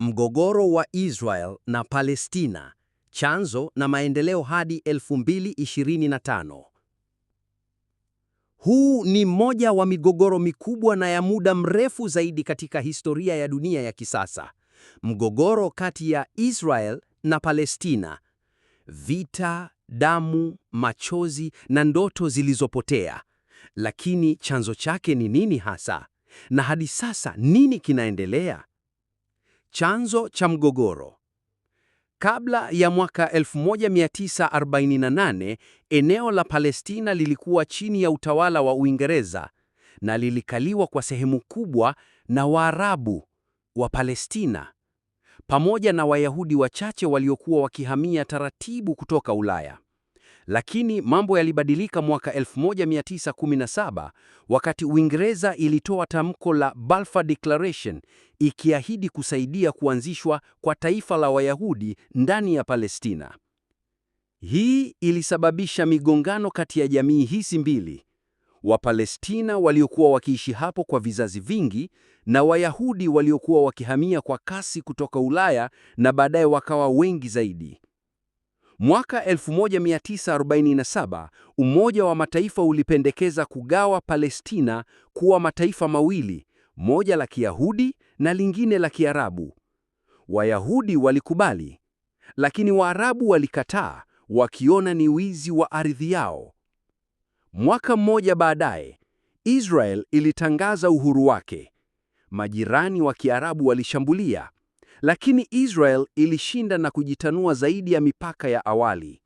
Mgogoro wa Israel na Palestina, chanzo na maendeleo hadi 2025. Huu ni mmoja wa migogoro mikubwa na ya muda mrefu zaidi katika historia ya dunia ya kisasa. Mgogoro kati ya Israel na Palestina. Vita, damu, machozi na ndoto zilizopotea. Lakini chanzo chake ni nini hasa? Na hadi sasa nini kinaendelea? Chanzo cha mgogoro. Kabla ya mwaka 1948, eneo la Palestina lilikuwa chini ya utawala wa Uingereza na lilikaliwa kwa sehemu kubwa na Waarabu wa Palestina pamoja na Wayahudi wachache waliokuwa wakihamia taratibu kutoka Ulaya. Lakini mambo yalibadilika mwaka 1917 wakati Uingereza ilitoa tamko la Balfour Declaration ikiahidi kusaidia kuanzishwa kwa taifa la Wayahudi ndani ya Palestina. Hii ilisababisha migongano kati ya jamii hizi mbili, Wapalestina waliokuwa wakiishi hapo kwa vizazi vingi na Wayahudi waliokuwa wakihamia kwa kasi kutoka Ulaya na baadaye wakawa wengi zaidi. Mwaka 1947 Umoja wa Mataifa ulipendekeza kugawa Palestina kuwa mataifa mawili, moja la Kiyahudi na lingine la Kiarabu. Wayahudi walikubali, lakini Waarabu walikataa, wakiona ni wizi wa ardhi yao. Mwaka mmoja baadaye, Israel ilitangaza uhuru wake. Majirani wa Kiarabu walishambulia, lakini Israel ilishinda na kujitanua zaidi ya mipaka ya awali.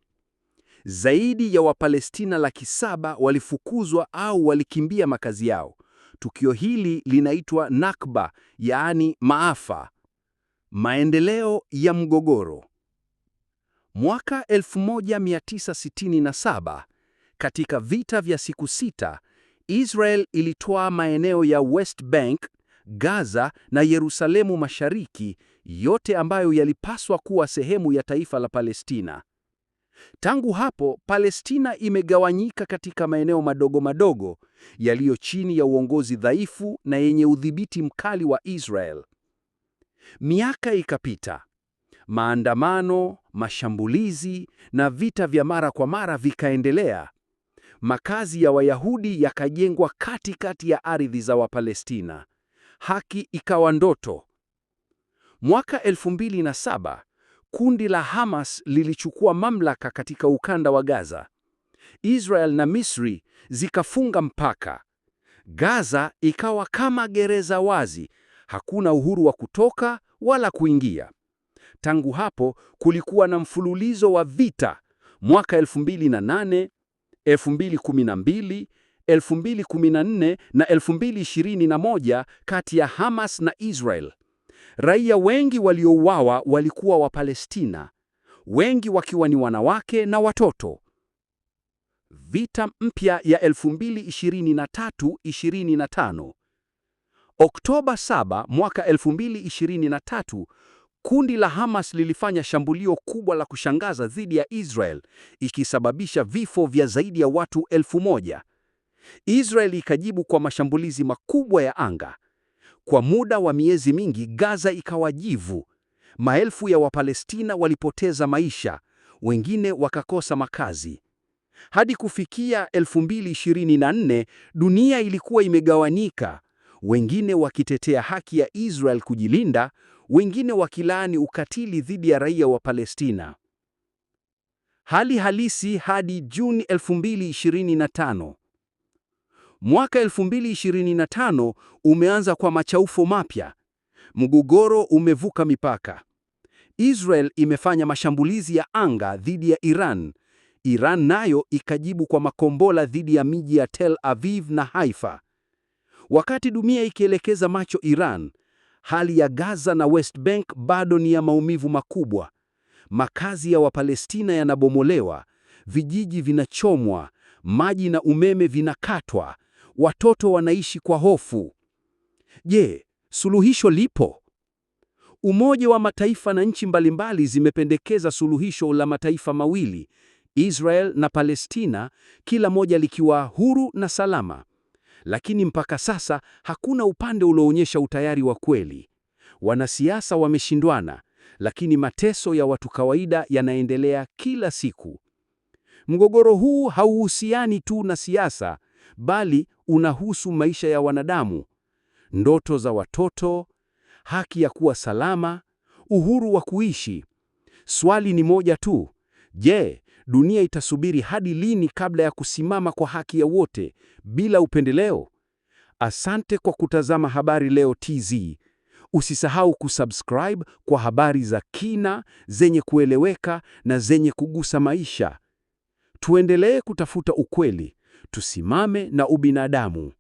Zaidi ya Wapalestina laki saba walifukuzwa au walikimbia makazi yao. Tukio hili linaitwa Nakba, yaani maafa. Maendeleo ya mgogoro. Mwaka 1967 katika vita vya siku sita, Israel ilitoa maeneo ya West Bank, Gaza na Yerusalemu Mashariki yote ambayo yalipaswa kuwa sehemu ya taifa la Palestina. Tangu hapo, Palestina imegawanyika katika maeneo madogo madogo yaliyo chini ya uongozi dhaifu na yenye udhibiti mkali wa Israel. Miaka ikapita. Maandamano, mashambulizi na vita vya mara kwa mara vikaendelea. Makazi ya Wayahudi yakajengwa katikati ya ardhi za Wapalestina. Haki ikawa ndoto, Mwaka 2007 kundi la Hamas lilichukua mamlaka katika ukanda wa Gaza. Israel na Misri zikafunga mpaka. Gaza ikawa kama gereza wazi, hakuna uhuru wa kutoka wala kuingia. Tangu hapo kulikuwa na mfululizo wa vita mwaka 2008, 2012, 2014 na 2021 kati ya Hamas na Israel. Raia wengi waliouawa walikuwa Wapalestina, wengi wakiwa ni wanawake na watoto. Vita mpya ya 2023 25 Oktoba 7 mwaka 2023, kundi la Hamas lilifanya shambulio kubwa la kushangaza dhidi ya Israel, ikisababisha vifo vya zaidi ya watu elfu moja. Israel ikajibu kwa mashambulizi makubwa ya anga. Kwa muda wa miezi mingi, Gaza ikawa jivu. Maelfu ya Wapalestina walipoteza maisha, wengine wakakosa makazi. Hadi kufikia 2024, dunia ilikuwa imegawanyika, wengine wakitetea haki ya Israel kujilinda, wengine wakilaani ukatili dhidi ya raia wa Palestina. Hali halisi hadi Juni 2025. Mwaka 2025 umeanza kwa machaufo mapya. Mgogoro umevuka mipaka. Israel imefanya mashambulizi ya anga dhidi ya Iran. Iran nayo ikajibu kwa makombola dhidi ya miji ya Tel Aviv na Haifa. Wakati dunia ikielekeza macho Iran, hali ya Gaza na West Bank bado ni ya maumivu makubwa. Makazi ya Wapalestina yanabomolewa, vijiji vinachomwa, maji na umeme vinakatwa, watoto wanaishi kwa hofu. Je, suluhisho lipo? Umoja wa Mataifa na nchi mbalimbali zimependekeza suluhisho la mataifa mawili, Israel na Palestina, kila moja likiwa huru na salama. Lakini mpaka sasa hakuna upande ulioonyesha utayari wa kweli. Wanasiasa wameshindwana, lakini mateso ya watu kawaida yanaendelea kila siku. Mgogoro huu hauhusiani tu na siasa, bali unahusu maisha ya wanadamu, ndoto za watoto, haki ya kuwa salama, uhuru wa kuishi. Swali ni moja tu. Je, dunia itasubiri hadi lini kabla ya kusimama kwa haki ya wote bila upendeleo? Asante kwa kutazama Habari Leo TZ. Usisahau kusubscribe kwa habari za kina, zenye kueleweka na zenye kugusa maisha. Tuendelee kutafuta ukweli. Tusimame na ubinadamu.